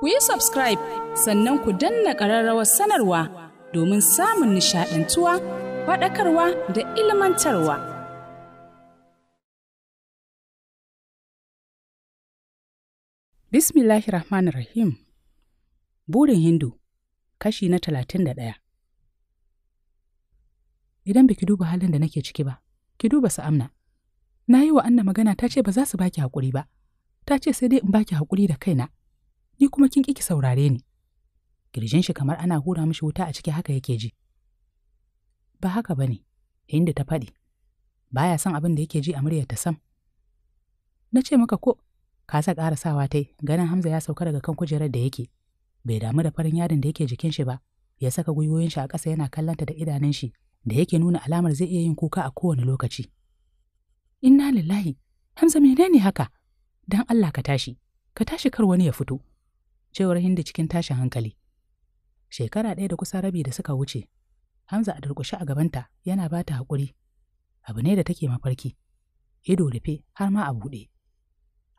ku yi subscribe sannan ku danna ƙararrawar sanarwa domin samun nishaɗantuwa faɗakarwa da ilmantarwa. Bismillahir Rahmanir Rahim Burin Hindu kashi na talatin da ɗaya Idan baki duba halin da nake ciki ba, ki duba sa'amna. Na yi wa Anna magana ta ce ba za su baki haƙuri ba, ta ce sai dai in baki haƙuri da kaina. ni kuma kin ƙi ki saurare ni. Girjin shi kamar ana hura mishi wuta a ciki haka yake ji. Ba haka ba ne, inda ta faɗi, baya son abin da yake ji a muryar ta sam. Na ce maka ko, ka sa sawa ta yi, ganin Hamza ya sauka daga kan kujerar da yake, bai damu da farin yarin da yake jikin shi ba, ya saka gwiwoyin shi a ƙasa yana kallanta da idanun shi, da yake nuna alamar zai iya yin kuka a kowane lokaci. Inna lillahi, Hamza menene haka? Dan Allah ka tashi, ka tashi kar wani ya fito. cewar Hindi cikin tashin hankali. Shekara ɗaya da kusa rabi da suka wuce, Hamza a durƙushe a gabanta yana ba ta haƙuri. Abu ne da take mafarki, ido rufe har ma a buɗe.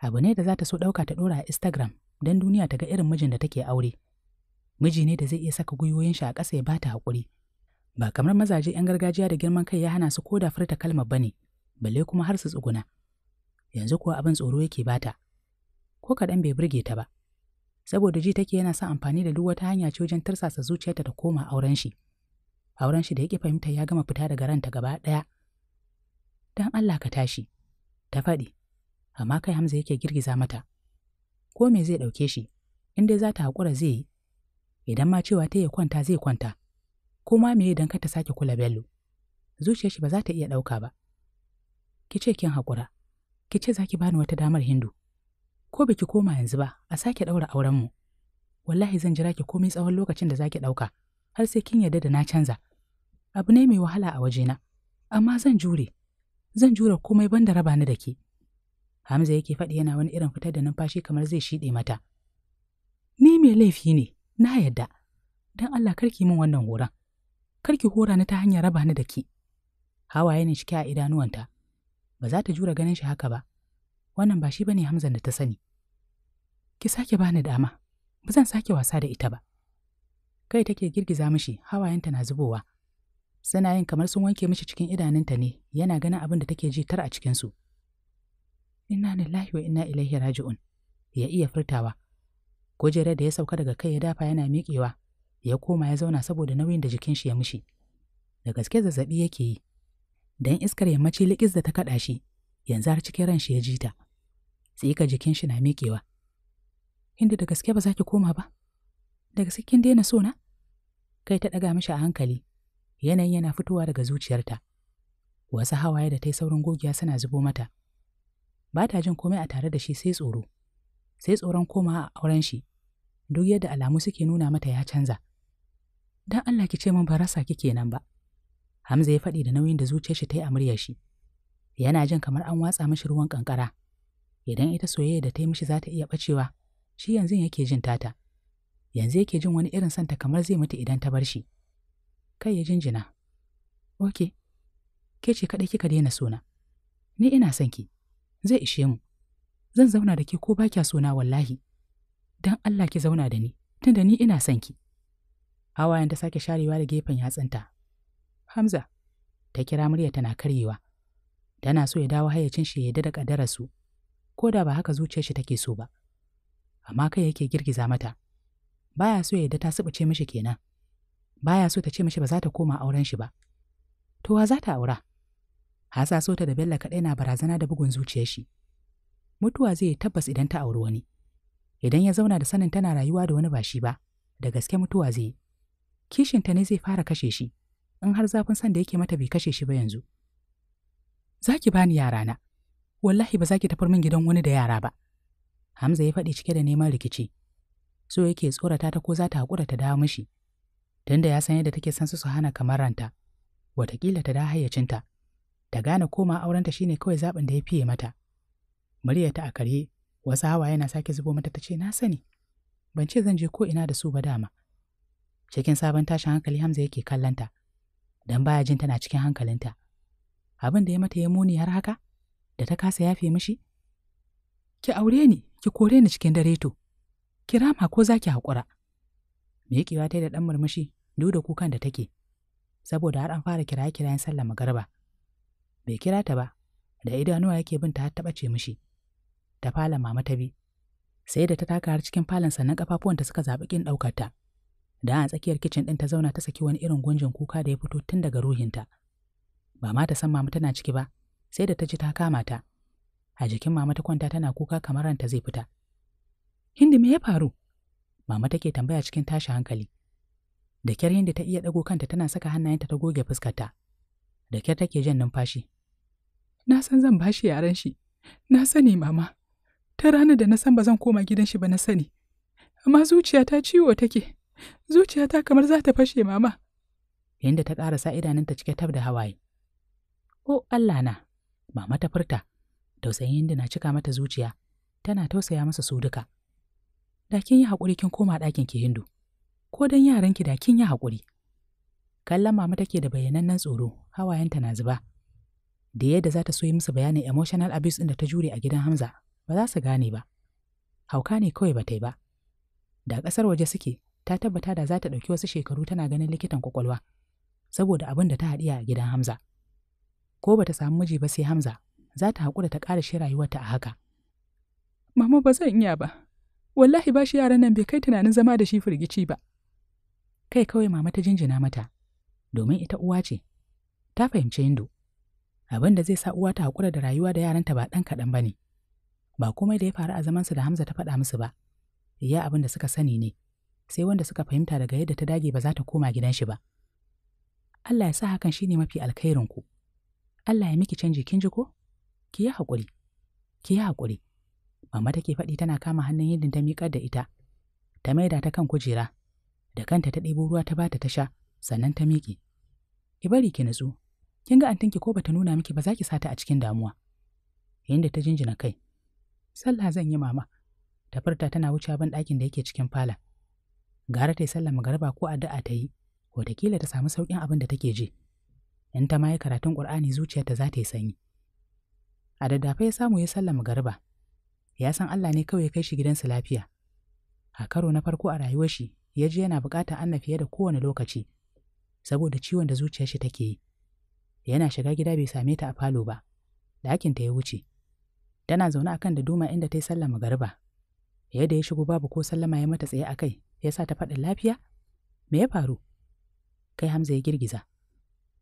Abu ne da za ta so ɗauka ta ɗora a Instagram don duniya ta ga irin mijin da take aure. Miji ne da zai iya saka gwiwoyin shi a ƙasa ya ba ta haƙuri. Ba kamar mazaje 'yan gargajiya da girman kai ya hana su ko da furta kalmar ba ne, balle kuma har su tsuguna. Yanzu kuwa abin tsoro yake bata. Ko kaɗan bai burge ta ba. saboda ji take yana sa amfani da duk wata hanya ce wajen tarsasa zuciyarta ta koma auren shi. Auren shi da yake fahimta ya gama fita daga ranta gaba ɗaya. Dan Allah ka tashi, ta faɗi, amma kai Hamza yake girgiza mata. Ko me zai ɗauke shi, in dai za ta haƙura zai yi, idan ma cewa ta ya kwanta zai kwanta, ko ma me idan ka ta sake kula Bello. Zuciyar shi ba za ta iya ɗauka ba. Ki ce kin haƙura, ki ce za ki bani wata damar Hindu. ko biki koma yanzu ba a sake ɗaura mu wallahi zan jira ki komai tsawon lokacin da zaki ɗauka har sai kin yarda da na canza abu ne mai wahala a waje na. amma zan jure zan jure komai banda raba ni da ke Hamza yake faɗi yana wani irin fitar da numfashi kamar zai shiɗe mata ni mai laifi ne na yarda don Allah karki min wannan horon karki hora ni ta hanyar raba ni da ke hawaye ne cike a idanuwanta ba za ta jura ganin shi haka ba wannan ba shi bane Hamzan da ta sani ki sake bani dama, ba zan sake wasa da ita ba. Kai take girgiza mishi hawayenta na zubowa. Suna yin kamar sun wanke mishi cikin idanunta ne yana ganin abin da take ji tar a cikinsu. Inna lillahi wa inna ilaihi raji'un. Ya iya furtawa. Kujerar da ya sauka daga kai ya dafa yana miƙewa, ya koma ya zauna saboda nauyin da jikin shi ya mishi. Da gaske zazzaɓi yake yi. Dan iskar yammaci likis da ta kaɗa shi, yanzu har cikin ran shi ya ji ta. Tsika jikin shi na miƙewa. inda da gaske ba za ki koma ba Daga gaske kin daina so na kai ta ɗaga mishi a hankali yanayin yana fitowa daga zuciyarta wasu hawaye da ta yi saurin gogiya suna zubo mata ba ta jin komai a tare da shi sai tsoro sai tsoron koma a auren shi duk yadda alamu suke nuna mata ya canza dan Allah ki ce min ba rasa kike nan ba Hamza ya faɗi da nauyin da zuciyar shi ta yi a muryar shi yana jin kamar an watsa mishi ruwan kankara idan ita soyayya da ta yi mishi za ta iya ɓacewa. shi yanzu yake jin tata yanzu yake jin wani irin santa kamar zai mutu idan ta bar shi kai ya jinjina ok ke ce kaɗai kika daina sona ni ina son ki zai ishe mu zan zauna da ke ko ba kya sona wallahi dan Allah ki zauna da ni tunda ni ina son ki hawayen ta sake sharewa da gefen yatsunta Hamza ta kira murya tana karyewa tana so ya dawo hayyacin shi ya da su. ko da ba haka zuciyar shi take so ba amma kai yake girgiza mata baya so ya yadda ta subuce mishi kenan baya so ta ce mishi ba za ta koma auren shi ba to wa za ta aura hasa so ta da bella kadai na barazana da bugun zuciyar shi mutuwa zai tabbas idan ta auri wani idan ya zauna da sanin tana rayuwa da wani ba shi ba da gaske mutuwa zai yi kishinta ne zai fara kashe shi in har zafin san da yake mata bai kashe shi ba yanzu za ki bani yarana wallahi ba za ki tafar min gidan wani da yara ba Hamza ya faɗi cike da neman rikici. So yake tsorata ta ko za ta haƙura ta dawo mishi. Tunda ya san yadda take son su su hana kamar ranta. Wataƙila ta da hayyacinta. Ta gane koma aurenta shine kawai zaɓin da ya fiye mata. Muryarta a karye, wasu hawa yana sake zubo mata ta ce na sani. Ban ce zan je ko ina da su ba dama. Cikin sabon tashin hankali Hamza yake kallanta. Dan baya jin tana cikin hankalinta. Abin da ya mata ya muni har haka? Da ta kasa yafe mishi? ki aure ni ki kore ni cikin dare to ki rama ko zaki ki haƙura miƙewa ta da ɗan murmushi duk da kukan da take saboda har an fara kiraye kirayen sallah magarba bai kira ta ba da idanuwa yake bin ta har ta ɓace mishi ta fala mama ta bi sai da ta taka har cikin falon sannan ta suka zaɓi ƙin ɗaukar ta da a tsakiyar kicin ɗin ta zauna ta saki wani irin gunjin kuka da ya fito tun daga ruhinta ba ma ta san mama tana ciki ba sai da ta ji ta kama ta a jikin mama ta kwanta tana kuka kamar ranta zai fita. Hindi me ya faru? Mama take tambaya cikin tashi hankali. Da kyar hindi ta iya ɗago kanta tana saka hannayenta ta goge fuskarta. Da kyar take jan numfashi. Na san zan bashi yaran shi. Na sani mama. Ta ranar da na san ba zan koma gidan shi ba na sani. Amma zuciyata ciwo take. Zuciyata kamar za ta fashe mama. Yadda ta ƙarasa idanunta cike tab da hawaye. O Allah na, mama ta furta. tausayin yadda na cika mata zuciya tana tausaya masa su duka da kin yi haƙuri kin koma ɗakin ki hindu ko don yaranki da kin yi haƙuri kallon mama take da bayyanannen tsoro hawayenta na zuba da yadda za ta so yi musu bayanin emotional abuse ɗin da ta jure a gidan Hamza ba za su gane ba. Hauka ne kawai ba ta yi ba. Da ƙasar waje suke, ta tabbata da za ta ɗauki wasu shekaru tana ganin likitan kwakwalwa, saboda abin da ta haɗiya a gidan Hamza. Ko ba ta samu miji ba sai Hamza, za ta haƙura ta ƙara shi rayuwarta a haka. Mama ba zan iya ba, wallahi ba shi yaran nan bai kai tunanin zama da shi firgici ba. Kai kawai mama ta jinjina mata, domin ita uwa ce, ta fahimci indo. Abin da zai sa uwa ta haƙura da rayuwa da yaranta ba ɗan kaɗan ba ne. Ba komai da ya faru a zamansu da Hamza ta faɗa musu ba, iya abin da suka sani ne, sai wanda suka fahimta daga yadda ta dage ba za ta koma gidan shi ba. Allah ya sa hakan shi ne mafi alkhairinku. ku. Allah ya miki canji kin ji ko? ki yi haƙuri, ki yi haƙuri. Mama take faɗi tana kama hannun yadin ta miƙar da ita, ta maida ta kan kujera, da kanta ta ɗebo ruwa ta bata ta sha, sannan ta miƙe. Ki bari ki natsu, kin ga antinki ko bata nuna miki ba za ki sata a cikin damuwa. Inda ta jinjina kai, sallah zan yi mama, ta furta tana wucewa ban ɗakin da yake cikin fala. Gara ta yi sallah magarba ko addu'a ta yi, wataƙila ta samu sauƙin abin da take je In ta ma yi karatun Ƙur'ani zuciyarta za ta yi sanyi. a daddafa ya samu ya sallama garba ya san Allah ne kawai kai shi su lafiya a karo na farko a rayuwar shi ya ji yana buƙatar Anna fiye da kowane lokaci saboda ciwon da zuciyar shi take yi yana shiga gida bai same ta a falo ba ɗakin ta ya wuce tana zaune akan da duma inda ta yi sallama garba yadda ya shigo babu ko sallama ya mata tsaye a kai ya sa ta faɗin lafiya me ya faru kai hamza ya girgiza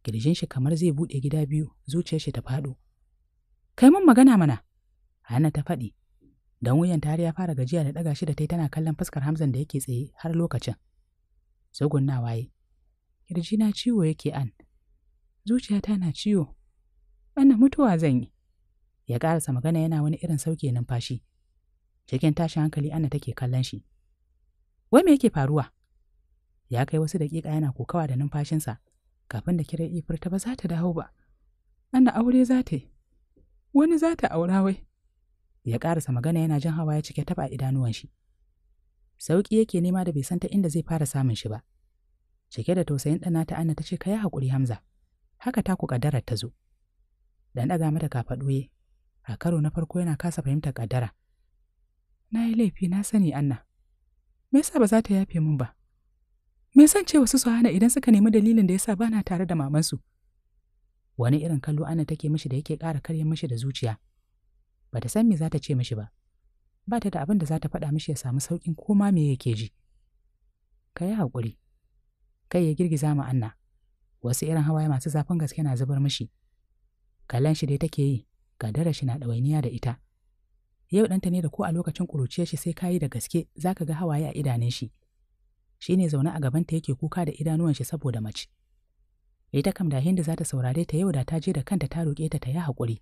kirjin shi kamar zai buɗe gida biyu zuciyar shi ta faɗo Kai mun magana mana. Hana ta faɗi. Dan wuyan tare ya fara gajiya da ɗaga shi da tai tana kallon fuskar Hamzan da yake tsaye har lokacin. Tsugunna waye. Kirji na ciwo yake an. Zuciyata na ciwo. Ana mutuwa zan yi. Ya ƙarasa magana yana wani irin sauke numfashi. Cikin tashin hankali Anna take kallon shi. Wai me yake faruwa? Ya kai wasu daƙiƙa yana kokawa da numfashinsa kafin da kirai ifir ta ba za ta dawo ba. Anna aure za ta yi. wani za ta aura wai ya ƙarasa magana yana jin hawa ya cike taba idanuwan shi sauƙi yake nema da bai san ta inda zai fara samun shi ba cike da tausayin ɗana ta anna ta ce ka yi haƙuri hamza haka ta ku ƙaddarar ta zo dan ɗaga mata kafaɗoye a karo na farko yana kasa fahimtar ƙaddara na yi laifi na sani anna me yasa ba za ta yafe mun ba me san cewa wasu su hana idan suka nemi dalilin da yasa na tare da mamansu wani irin kallo ana take mishi da yake ƙara karya mishi da zuciya Bata san me za ta ce mishi ba ba ta da abin da za ta faɗa mishi ya samu sauƙin koma me yake ji ka yi haƙuri kai ya girgiza ma Anna wasu irin hawaye masu zafin gaske na zubar mishi kallon shi dai take yi ga dara shi na ɗawainiya da ita yau ɗanta ne da ko a lokacin ƙuruciyar shi sai kayi da gaske za ka ga hawaye a idanun shi shi ne zaune a gabanta yake kuka da idanuwan shi saboda mace ita kam da Hindu za ta saurare ta yau da ta je da kanta ta roƙe ta ta yi hakuri,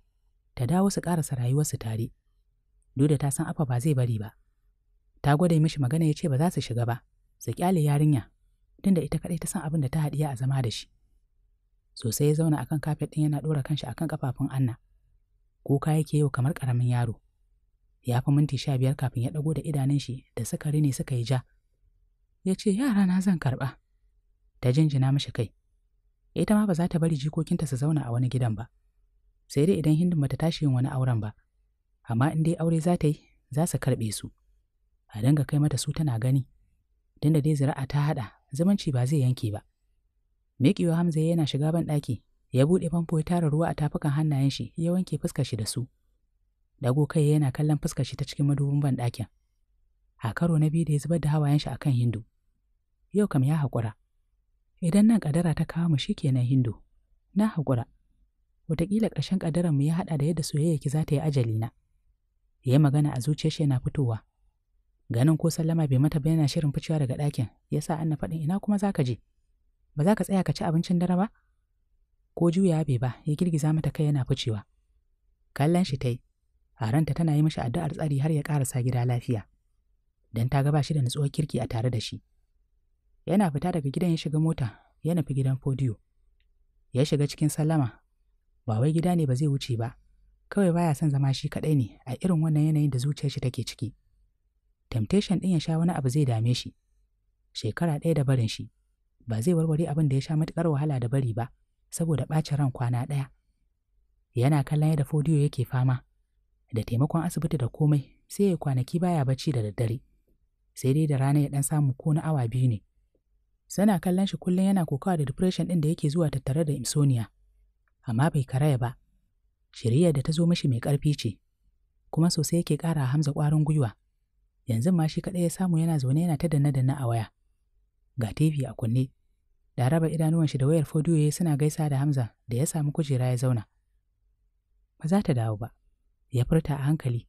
ta dawo su ƙarasa rayuwarsu tare. Duda ta san afa ba zai bari ba. Ta gwada mishi magana ya ce ba za su shiga ba, su ƙyale yarinya, da ita kaɗai ta san abin da ta haɗiya a zama da shi. Sosai ya zauna akan kafet ɗin yana ɗora kanshi akan kafafun Anna. Kuka yake yau kamar ƙaramin yaro. Ya fi minti sha biyar kafin ya ɗago da idanun shi da suka ne suka yi ja. Ya ce, Yara na zan karɓa. Ta jinjina mishi kai. ita ma ba za ta bari jikokinta su zauna a wani gidan ba sai dai idan hindin bata tashi yin wani auren ba amma in dai aure za ta yi za su karɓe su a dinga kai mata su tana gani don da dai zira'a ta haɗa zumunci ba zai yanke ba miƙewa hamza yana shiga ban ɗaki ya buɗe famfo ya tara ruwa a tafukan hannayen shi ya wanke fuskar shi da su dago kai yana kallon fuskar shi ta cikin madubin ban ɗakin a karo na biyu da ya zubar da hawayen shi akan hindu yau kam ya haƙura idan nan kadara ta kawo mu shi kenan hindu na haƙura wataƙila ƙarshen ƙadarar mu ya haɗa da yadda soyayya za ta yi ajali na ya yi magana a zuciyar shi yana fitowa ganin ko sallama bai mata ba shirin ficewa daga ɗakin ya sa na faɗin ina kuma za ka je ba za ka tsaya ka ci abincin dare ba ko juya bai ba ya girgiza mata kai yana ficewa kallon shi ta yi a ranta tana yi mishi addu'ar tsari har ya ƙarasa gida lafiya Dan ta ga shi da nutsuwar kirki a tare da shi. Yana fita daga gidan ya shiga mota, ya nufi gidan Fodiyo. Ya shiga cikin sallama, ba wai gida ne ba zai wuce ba, kawai baya son zama shi kaɗai ne a irin wannan yanayin da zuciyar shi take ciki. Temptation ɗin ya sha wani abu zai dame shi. Shekara ɗaya da barin shi, ba zai warware abin da ya sha matuƙar wahala da bari ba, saboda ɓacin ran kwana ɗaya. Yana kallon yadda Fodiyo yake fama, da taimakon asibiti da komai sai ya kwanaki baya bacci da daddare. Sai dai da rana ya ɗan samu ko na awa biyu ne. Sana kallon shi kullum yana kokawa da depression ɗin da yake zuwa tattare da insomnia. Amma bai karaya ba. Shiriyar da ta zo mashi mai ƙarfi ce, kuma sosai yake ƙara Hamza ƙwarin gwiwa. Yanzu ma shi kaɗai ya samu yana zaune yana ta danna danna a waya. Ga TV a kunne. Da raba idanuwan shi da wayar fodiyo ya suna gaisa da Hamza da ya samu kujera ya zauna. Ba za ta dawo ba. Ya furta a hankali.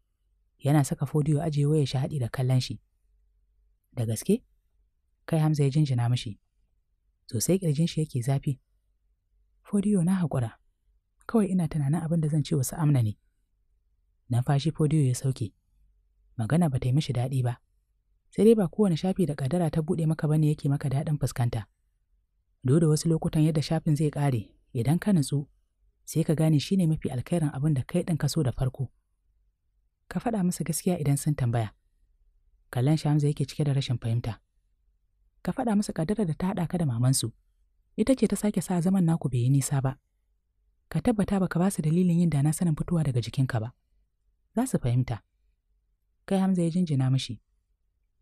Yana saka fodiyo ajiye wayar shi haɗi da kallon shi. Da gaske? kai Hamza ya jinjina mishi. Sosai ƙirjin shi yake zafi. Fodiyo na haƙura, kawai ina tunanin abin da zan ce wasu amna ne. Numfashi Fodiyo ya sauke, magana ba ta yi mishi daɗi ba, sai dai ba kowane shafi da ƙadara ta buɗe maka bane yake maka daɗin fuskanta. Dole wasu lokutan yadda shafin zai ƙare, idan ka nutsu, sai ka gane shi ne mafi alkhairin abin da kai ɗin ka so da farko. Ka faɗa masa gaskiya idan sun tambaya. Kallon Shamsa yake cike da rashin fahimta. ka faɗa musu ƙaddarar da ta haɗa ka da mamansu. Ita ce ta sake sa zaman naku bai yi nisa ba. Ka tabbata baka ba su dalilin yin dana sanin fitowa daga jikinka ba. Za su fahimta. Kai Hamza ya jinjina mishi.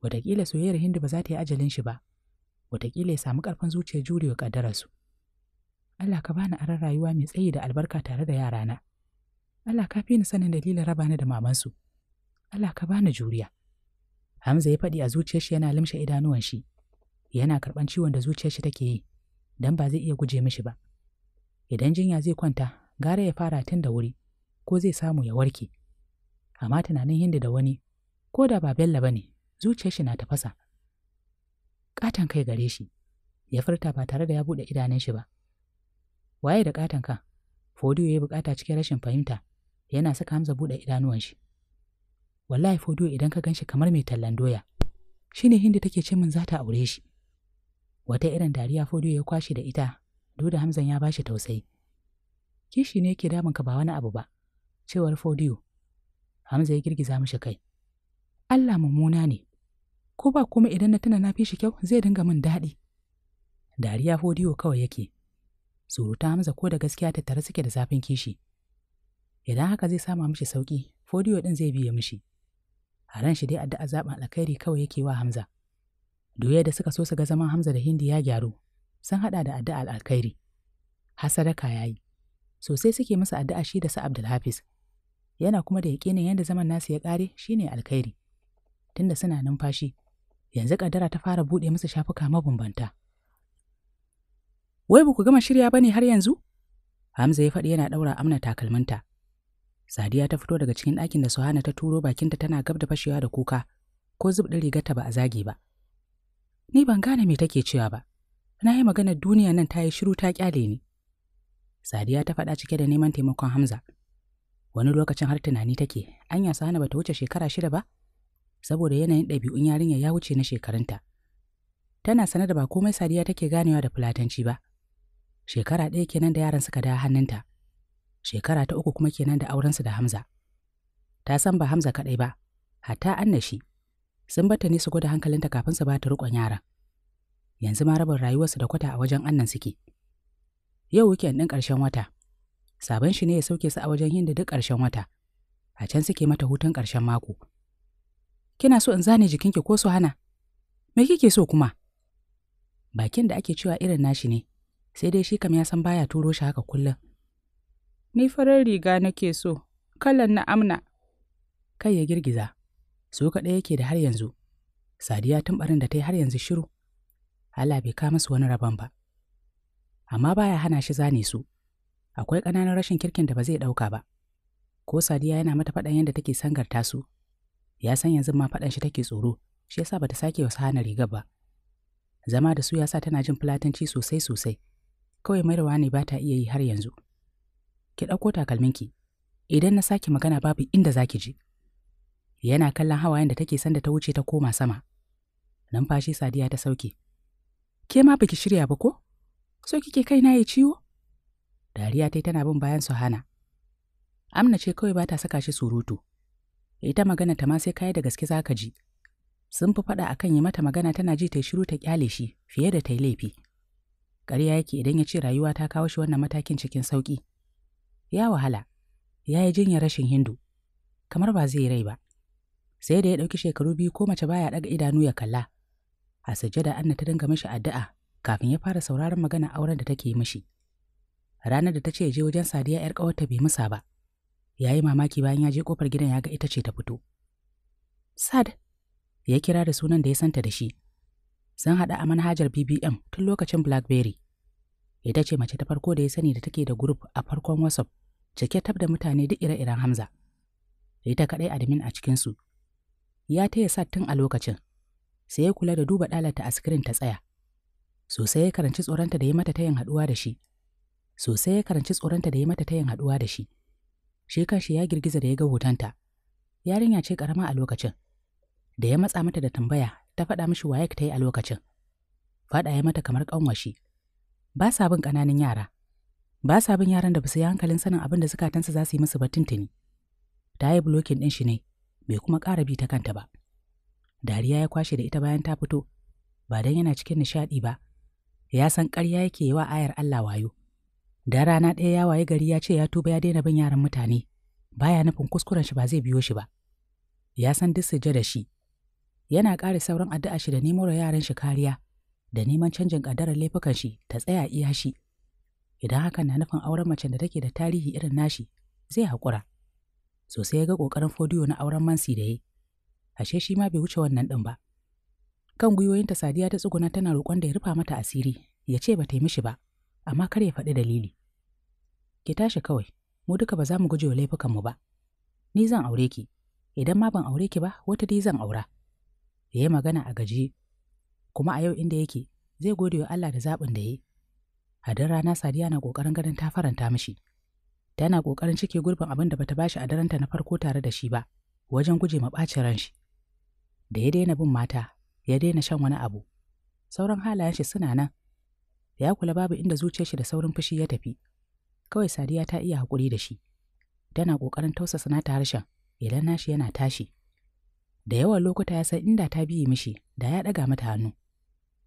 Wataƙila soyayyar Hindu ba za ta yi ajalin shi ba. Wataƙila ya samu ƙarfin zuciyar jurewa ƙaddararsu. Allah ka bani aran rayuwa mai tsayi da albarka tare da yarana. Allah ka fi ni sanin dalilin raba ni da mamansu. Allah ka bani juriya. Hamza ya faɗi a zuciyar shi yana limshe idanuwan shi. yana karɓan ciwon da zuciyar shi take yi don ba zai iya guje mishi ba idan jinya zai kwanta gara ya fara tun da wuri ko zai samu ya warke amma tunanin hindi da wani ko da ba bella ba ne zuciyar shi na tafasa ƙaton kai gare shi ya furta ba tare da ya buɗe idanun shi ba waye da katon ka, fodiyo ya bukata cikin rashin fahimta yana saka hamza buɗe idanuwan shi wallahi fodiyo idan ka ganshi kamar mai tallan doya shine hindi take ce min za ta aure shi wata irin dariya fodiyo ya kwashe da ita duk da hamzan ya bashi tausayi kishi ne yake damunka ba wani abu ba cewar fodiyo hamza ya girgiza mishi kai allah mummuna ne ko ba kuma idan na tuna na fi shi kyau zai dinga min daɗi dariya fodiyo kawai yake surutan hamza ko da gaskiya tattare suke da zafin kishi idan haka zai sama mishi sauki fodiyo ɗin zai biye mishi Haran shi dai addu'a zaɓin alkhairi kawai yake wa hamza Doya da suka so su ga zaman Hamza da Hindi ya gyaru, sun haɗa da addu'a alkhairi. Hasadaka ya yi, sosai suke masa addu'a shi da su Abdulhafiz. Yana kuma da yaƙinin yadda zaman nasu ya shi ne alkhairi. Tunda suna numfashi, yanzu ƙaddara ta fara buɗe musu shafuka mabambanta. Wai ba ku gama shirya ba ne har yanzu? Hamza ya faɗi yana ɗaura amna takalminta. Sadiya ta fito daga cikin ɗakin da Suhana ta turo bakinta tana gab da fashewa da kuka, ko zub ɗin rigarta ba a zage ba. Ni ban gane me take cewa ba. Na yi maganar duniya nan ta yi shiru ta kyale ni. Sadiya ta faɗa cike da neman taimakon Hamza. Wani lokacin har tunani take, anya ba bata wuce shekara shida ba? Saboda yanayin ɗabi'un yarinya ya wuce na shekarunta. Tana sanar da ba komai Sadiya take ganewa da fulatanci ba. Shekara ɗaya kenan da yaran suka da hannunta. Shekara ta uku kuma kenan da aurensu da Hamza. Ta san ba Hamza kaɗai ba, hatta annashi shi. sun bata ne su gwada hankalinta kafin su bata riƙon yaran. Yanzu ma rabin rayuwarsu da kwata a wajen annan suke. Yau weekend ɗin ƙarshen wata, sabon shi ne ya sauke su a wajen yin da duk ƙarshen wata, a can suke mata hutun ƙarshen mako. Kina so in zane jikinki ko su hana? Me kike so kuma? Bakin da ake cewa irin nashi ne, sai dai shi kam ya san baya turo shi haka kullum. Ni farar riga nake so, kalan na amna. Kai ya girgiza, su kaɗai yake da har yanzu sadiya tun barin da ta yi har yanzu shiru allah bai kama su wani rabon ba amma baya hana shi zane su akwai ƙananan rashin kirkin da ba zai ɗauka ba ko sadiya yana mata faɗan yadda take sangarta su ya san yanzu ma faɗan shi take tsoro shi yasa bata sake wasu hana rigar ba zama da su ya sa tana jin fulatanci sosai sosai kawai rawa ne ba ta iya yi har yanzu ki ɗauko takalminki idan na sake magana babu inda za ki je yana kallon hawayen da take sanda ta wuce ta koma sama. Numfashi Sadiya ta sauke. Ke ma baki shirya ba ko? So kike kai na yi ciwo? Dariya ta tana bin bayan su hana. Amna ce kawai ba ta saka shi surutu. Ita magana ta ma sai kai da gaske zaka ji. Sun fi faɗa akan yi mata magana tana ji ta shiru ta kyale shi fiye da ta yi laifi. Ƙarya yake idan ya ce rayuwa ta kawo shi wannan matakin cikin sauƙi. Ya wahala, ya yi jinyar rashin Hindu, kamar ba zai rai ba. sai da ya ɗauki shekaru biyu ko mace baya ɗaga idanu ya kalla a sujjada anna ta dinga mishi addu'a kafin ya fara sauraron magana auren da take mishi ranar da ta ce je wajen sadiya yar ƙawarta bai musa ba ya yi mamaki bayan ya je kofar gidan ya ga ita ce ta fito sad ya kira da sunan da ya santa da shi sun haɗa a manhajar bbm tun lokacin blackberry ita ce mace ta farko da ya sani da take da group a farkon whatsapp cike tab da mutane duk ire-iren hamza ita kaɗai admin a cikinsu ya taya sa tun a lokacin, sai ya kula da duba ɗalata a sikirin ta tsaya. Sosai ya karanci tsoronta da ya mata tayin haɗuwa da shi. Sosai ya karanci tsoronta da ya mata tayin haɗuwa da shi. Shi kanshi ya girgiza da ya ga hotonta. Yarinya ce ƙarama a lokacin. Da ya matsa mata da tambaya, ta faɗa mishi waye ta yi a lokacin. Faɗa ya mata kamar ƙanwashi. Ba sa bin ƙananan yara. Ba sa bin yaran da ba su yi hankalin sanin abin da zukatansa za su yi musu ba tuntuni. Ta yi blokin ɗin shi ne, bai kuma ƙara bi ta kanta ba. Dariya ya kwashe da ita bayan ta fito, ba don yana cikin nishaɗi ba, ya san ƙarya yake yi wa ayar Allah wayo. Da rana ɗaya ya waye gari ya ce ya tuba ya daina bin yaran mutane, baya nufin kuskuren shi ba zai biyo shi ba. Ya san duk suje da shi. Yana ƙara sauran addu'a shi da nemo yaran shi kariya, da neman canjin ƙaddarar laifukan shi ta tsaya iya shi. Idan hakan na nufin auren macen da take da tarihi irin nashi, zai haƙura. sosai ya ga ƙoƙarin fodiyo na auren mansi da ya ashe shi ma bai wuce wannan ɗin ba kan gwiwoyinta sadiya ta tsuguna tana roƙon da ya rufa mata asiri ya ce ba ta yi mishi ba amma kar ya faɗi dalili ki tashi kawai mu duka ba za mu guje wa laifukanmu ba ni zan aure ki idan ma ban aure ki ba wata dai zan aura ya yi magana a gaji kuma a yau inda yake zai gode wa Allah da zaɓin da ya yi a dan rana sadiya na ƙoƙarin ganin ta faranta mishi tana ƙoƙarin cike gurbin abin da bata bashi a daranta na farko tare da shi ba, wajen guje ma ɓacin ran shi. Da ya daina bin mata, ya daina shan wani abu. Sauran halayen shi suna nan. Ya kula babu inda zuciyar shi da saurin fushi ya tafi. Kawai Sadiya ta iya haƙuri da shi. Tana ƙoƙarin tausa sanata harshen, idan nashi yana tashi. Da yawan lokuta ya san inda ta biye mishi, da ya ɗaga mata hannu.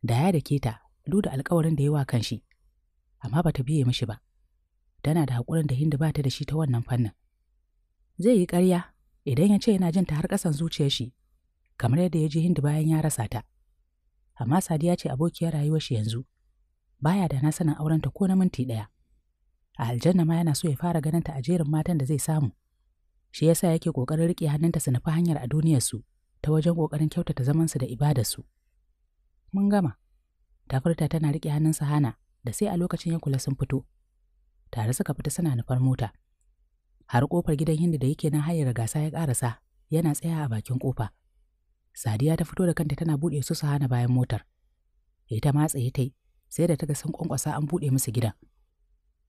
Da ya dake ta, duk da alƙawarin da ya wa kanshi. Amma bata biye mishi ba. tana da haƙurin da Hindu ba ta da shi ta wannan fannin. Zai yi ƙarya idan ya ce yana jin ta har ƙasan zuciyar shi, kamar yadda ya je Hindu bayan ya rasa ta. Amma Sadiya ce abokiyar rayuwar shi yanzu, baya da na sanin ta ko na minti ɗaya. A aljanna ma yana so ya fara ganin ta a jerin matan da zai samu. Shi yasa yake ƙoƙarin riƙe hannunta su nufi hanyar a duniyarsu ta wajen ƙoƙarin kyautata zamansu da ibadarsu. Mun gama. Ta furta tana riƙe hannunsa hana da sai a lokacin ya kula sun fito. tare suka fita suna nufar mota. Har ƙofar gidan Hindu da yake na hanyar gasa ya ƙarasa yana tsaya a bakin ƙofa. Sadiya ta fito da kanta tana buɗe su su hana bayan motar. Ita ma tsaye tai sai da ta ga sun ƙwanƙwasa an buɗe musu gidan.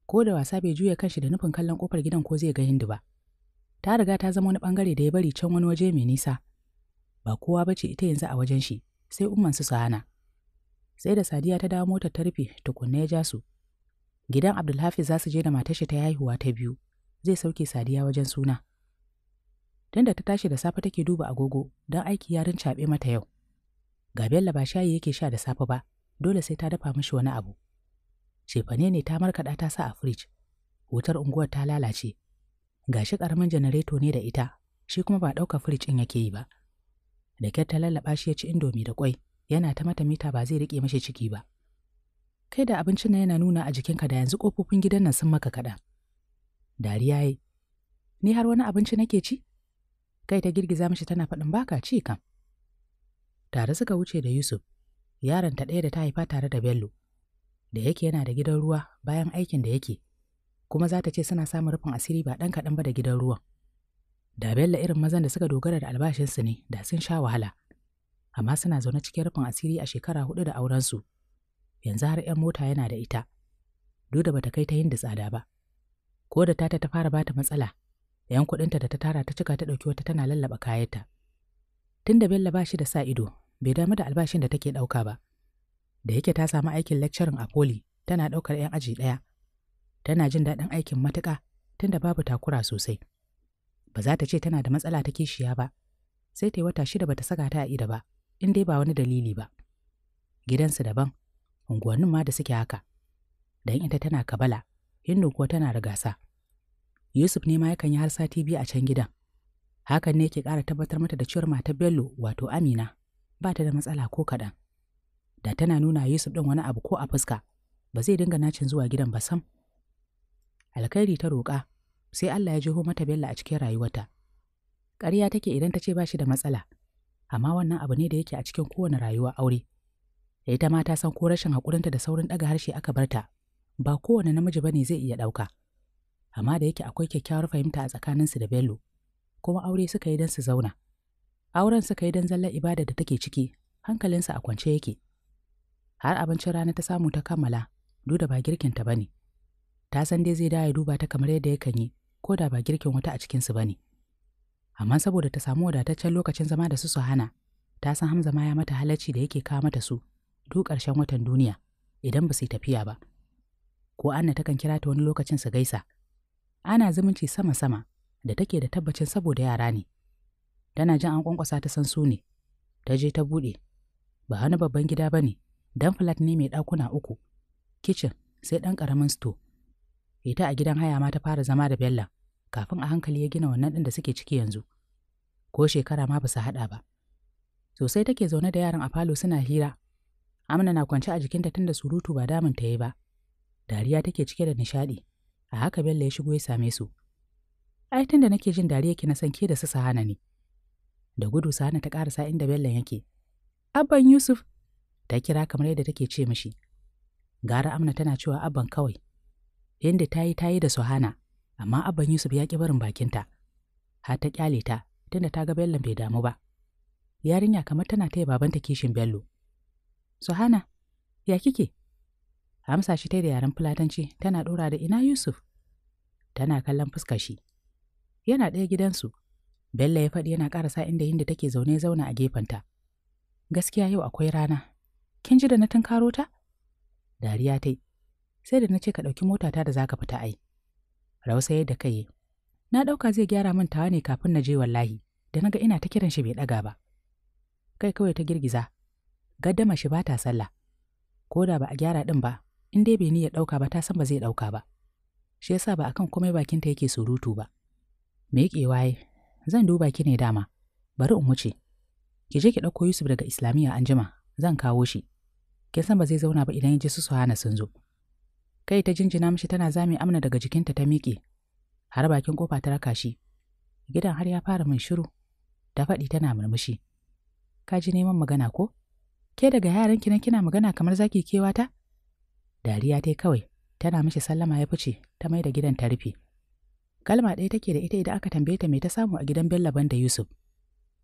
Ko da wasa bai juya kanshi da nufin kallon ƙofar gidan ko zai ga Hindu ba. Ta riga ta zama wani bangare da ya bari can wani waje mai nisa. Ba kowa ba ce ita yanzu a wajen shi, sai umman su hana. Sai da Sadiya ta dawo motar ta rufe tukunna ya ja su, Gidan Abdulhafiz za su je da matashi shi ta yahuwa ta biyu, zai sauke Sadiya wajen suna. Tunda ta tashi da safe take duba agogo don aiki yarin caɓe mata yau. Ga Bello ba shayi yake sha da safe ba, dole sai ta dafa mishi wani abu. Shefane ne ta markaɗa ta sa a firij, wutar unguwar ta lalace. Gashi ƙaramin janareto ne da ita, shi kuma ba ɗauka firij ɗin yake yi ba. Da kyar ta lallaɓa shi ya ci indomi da ƙwai, yana ta mata mita ba zai riƙe mashi ciki ba. kai da abincin nan yana nuna a jikinka da yanzu ƙofofin gidan nan sun maka kaɗan. Dariya yi, ni har wani abinci nake ci? Kai ta girgiza mishi tana faɗin baka ci kam. Tare suka wuce da Yusuf, yaron ta ɗaya da ta haifa tare da Bello, da yake yana da gidan ruwa bayan aikin da yake, kuma za ta ce suna samun rufin asiri ba ɗan kaɗan ba da gidan ruwan. Da Bello irin mazan da suka dogara da albashinsu ne da sun sha wahala, amma suna zaune cikin rufin asiri a shekara huɗu da aurensu. yanzu har 'yan mota yana da ita, duk da bata kai ta yin da tsada ba. Ko da tata ta fara bata matsala, 'yan kuɗinta da ta tara ta cika ta ɗauki wata tana lallaba kayanta. Tun da Bello ba shi da sa ido, bai damu da albashin da take ɗauka ba. Da yake ta samu aikin lecturing a poli, tana ɗaukar 'yan aji ɗaya. Tana jin daɗin aikin matuƙa, tunda babu takura sosai. Ba za ta ce tana da matsala ta kishiya ba, sai ta yi wata shida bata saka ta a ido ba, in dai ba wani dalili ba. Gidansu daban, unguwannin ma da suke haka don ita tana kabala hindu kuwa tana da gasa yusuf ne ma yakan yi har sati biyu a can gidan hakan ne yake ƙara tabbatar mata da cewar matar bello wato amina ba ta da matsala ko kaɗan da tana nuna yusuf ɗin wani abu ko a fuska ba zai dinga nacin zuwa gidan ba sam alkhairi ta roƙa sai allah ya jeho mata bello a cikin rayuwarta ƙarya take idan ta ce ba shi da matsala amma wannan abu ne da yake a cikin kowane rayuwa aure ya ita ma ta san ko rashin haƙurinta da saurin ɗaga harshe aka bar ta ba kowane namiji ba ne zai iya ɗauka amma da yake akwai kyakkyawar fahimta a tsakaninsu da bello kuma aure suka yi don su zauna auren suka yi don zallar ibada da take ciki hankalinsa a kwance yake har abincin rana ta samu ta kammala duk da ba girkinta ba ne ta san dai zai dawo duba ta kamar yadda yakan yi ko da ba girkin wata a cikinsu ba ne amma saboda ta samu wadataccen lokacin zama da su su hana ta san hamza ma ya mata halacci da yake kawo mata su duk ƙarshen watan duniya idan ba su yi tafiya ba. Ko Anna takan kira ta wani lokacin su gaisa. Ana zumunci sama-sama da take da tabbacin saboda yara ne. Tana jin an kwankwasa ta san su ne. Ta je ta buɗe. Ba wani babban gida ba ne, dan flat ne mai ɗakuna uku. Kicin sai ɗan ƙaramin sto. Ita a gidan haya ma ta fara zama da Bella kafin a hankali ya gina wannan ɗin da suke ciki yanzu. Ko shekara ma ba su haɗa ba. Sosai take zaune da yaran a falo suna hira Amina na kwance a jikinta tun da surutu ba damun ta yi ba. Dariya take cike da nishaɗi. A haka Bello ya shigo ya same su. Ai tunda nake jin dariya ki na san ke da su sahana ne. Da gudu sahana ta karasa inda Bello yake. Abban Yusuf ta kira kamar yadda take ce mishi. Gara Amna tana cewa abban kawai. inda ta yi ta yi da Suhana, amma abban Yusuf ya ki barin bakinta. Har ta kyale ta, tunda ta ga Bello bai damu ba. Yarinya kamar tana taya babanta kishin Bello. su hana ya kike? Amsa shi ta da yaren fulatanci tana ɗora da ina Yusuf. Tana kallon fuskar shi. Yana ɗaya gidansu. Bello ya faɗi yana ƙarasa inda inda take zaune zauna a gefenta. Gaskiya yau akwai rana. Kin ji da na tunkaro ta? Dariya ta Sai da na ce ka ɗauki motata da za ka fita ai. Rausa yadda kai Na ɗauka zai gyara min tawa ne kafin na je wallahi, da na ga ina ta kiran shi bai ɗaga ba. Kai kawai ta girgiza, gaddama shi ba ta sallah ko da ba a gyara din ba in dai bai ya ɗauka ba ta san ba zai ɗauka ba shi yasa ba akan komai bakinta yake surutu ba me yake waye zan duba ki ne dama bari in wuce ki je ki ɗauko Yusuf daga Islamiyya anjima. zan kawo shi kin san ba zai zauna ba idan ya ji su Suhana sun zo kai ta jinjina mishi tana zame amna daga jikinta ta miƙe har bakin kofa ta raka shi gidan har ya fara min shiru ta faɗi tana murmushi ka ji neman magana ko Ke daga yaran nan kina magana kamar zaki kewata? Dariya tai kawai, tana mishi sallama ya fice, ta mai da gidan ta rufe. Kalma ɗaya take da ita idan aka tambaye ta me ta samu a gidan Bello da Yusuf.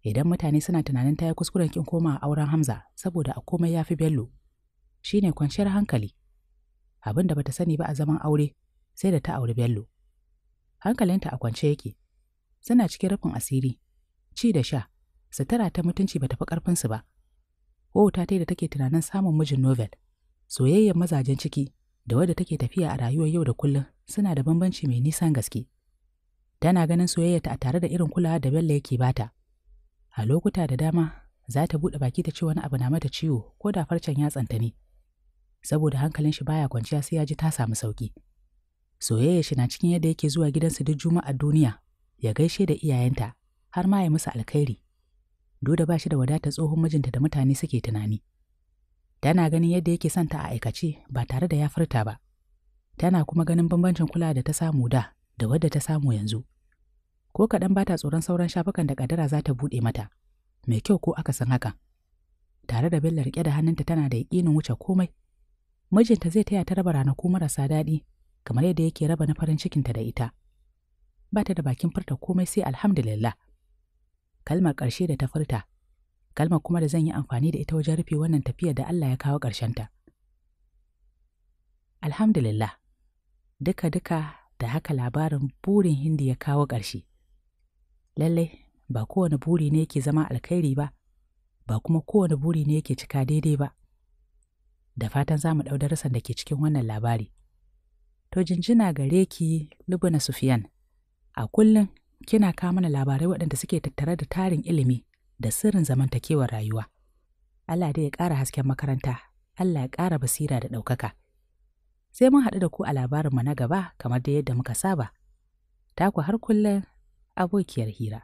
Idan mutane suna tunanin ta yi kuskuren kin koma a auren Hamza saboda a komai yafi Bello. Shi ne kwanciyar hankali. Abin da bata sani ba a zaman aure, sai da ta auri Bello. Hankalinta a kwance yake. Suna cikin rufin asiri, ci da sha, sutura ta mutunci bata fi ƙarfinsu ba. wauta ta da take tunanin samun mijin novel soyayyar mazajen ciki da wadda take tafiya a rayuwar yau da kullum suna da bambanci mai nisan gaske tana ganin ta a tare da irin kulawa da Bello yake bata a lokuta da dama za ta buɗe baki ta ce wani abu na mata ciwo ko da farcen ya tsanta ne saboda hankalin shi baya kwanciya sai ya ji ta samu sauki soyayya shi na cikin yadda yake zuwa gidansu duk juma'a duniya ya gaishe da iyayenta har ma ya musu alkhairi Doda ba shi da wadata tsohon mijinta da mutane suke tunani. Tana ganin yadda yake son ta a aikace ba tare da ya furta ba. Tana kuma ganin bambancin kula da ta samu da da wadda ta samu yanzu. Ko kaɗan ba ta tsoron sauran shafukan da ƙadara za ta buɗe mata. Mai kyau ko aka san haka. Tare da Bello riƙe da hannunta tana da yaƙinin wuce komai. Mijinta zai taya ta raba ranaku marasa daɗi kamar yadda yake raba na farin cikinta da ita. Ba ta da bakin furta komai sai alhamdulillah. kalmar ƙarshe da ta furta, kalmar kuma da zan yi amfani da ita wajen rufe wannan tafiyar da Allah ya kawo ta. Alhamdulillah, duka-duka da haka labarin burin Hindi ya kawo ƙarshe. Lallai, ba kowane buri ne yake zama alkhairi ba, ba kuma kowane buri ne yake cika daidai ba. Da fatan za mu ɗau darasan da ke cikin wannan labari. To jinjina gare ki Lubuna Sufiyan, a kullum kina kawo mana labarai waɗanda suke tattare da tarin ilimi da sirrin zamantakewar rayuwa. Allah dai ya ƙara hasken makaranta, Allah ya ƙara basira da ɗaukaka. Sai mun haɗu da ku a labarinmu na gaba kamar da yadda muka saba. Taku har kullum abokiyar hira.